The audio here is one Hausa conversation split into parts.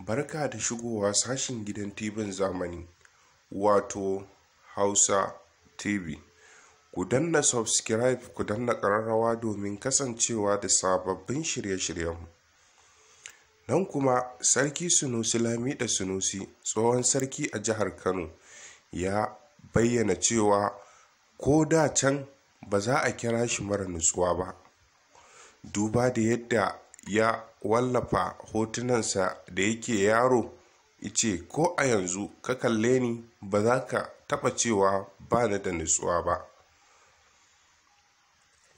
Barka da shigowa sashin gidan TV zamani wato Hausa TV. Ku danna subscribe ku danna ƙararrawa domin kasancewa da sababbin shirye shiryen Nan kuma Sarki Sunusi Lami Lamida Sunusi tsohon sarki a jihar Kano ya bayyana cewa ko da can ba za a kira shi mara nutsuwa ba. Duba da yadda ya wallafa hotunansa da yake yaro ice ko a yanzu ka kalle ni ba za ka taɓa cewa ba na da nutsuwa ba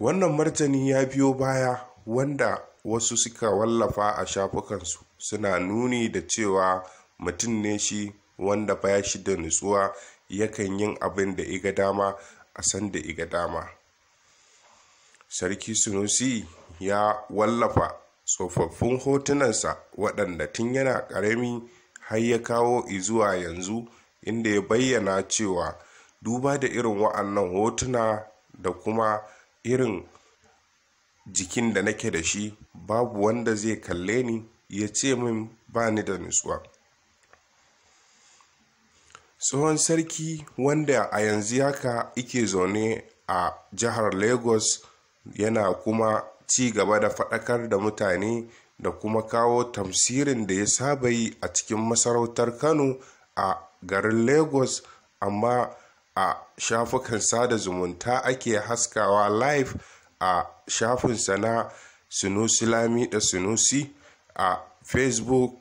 wannan martani ya biyo baya wanda wasu suka wallafa a shafukansu suna nuni da cewa mutum ne shi wanda baya shi da nutsuwa yakan yin abin da iga dama a san da iga dama sarki sunusi ya wallafa tsofaffin hotunansa waɗanda tun yana ƙarami har ya kawo izuwa yanzu inda ya bayyana cewa duba da irin wa'annan hotuna da kuma irin jikin da nake da shi babu wanda zai kalle ni ya ce min ba ni da nutsuwa tsohon sarki wanda a yanzu haka ike zaune a jihar lagos yana kuma ci gaba da faɗakar da mutane da kuma kawo tamsirin da ya saba yi a cikin masarautar kano a garin lagos amma a shafukan sada zumunta ake haskawa live a shafinsa na sunusi lami da Sinusi a facebook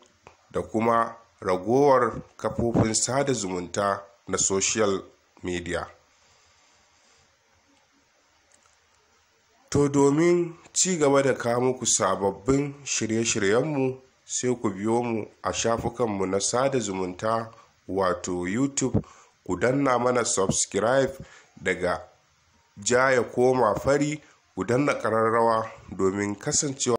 da kuma ragowar kafofin sada zumunta na social media To domin ci gaba da kawo muku sababbin shirye-shiryenmu sai ku biyo mu a shafukanmu na sada zumunta wato YouTube ku danna mana subscribe daga ja ya koma fari ku danna ƙararrawa domin kasancewa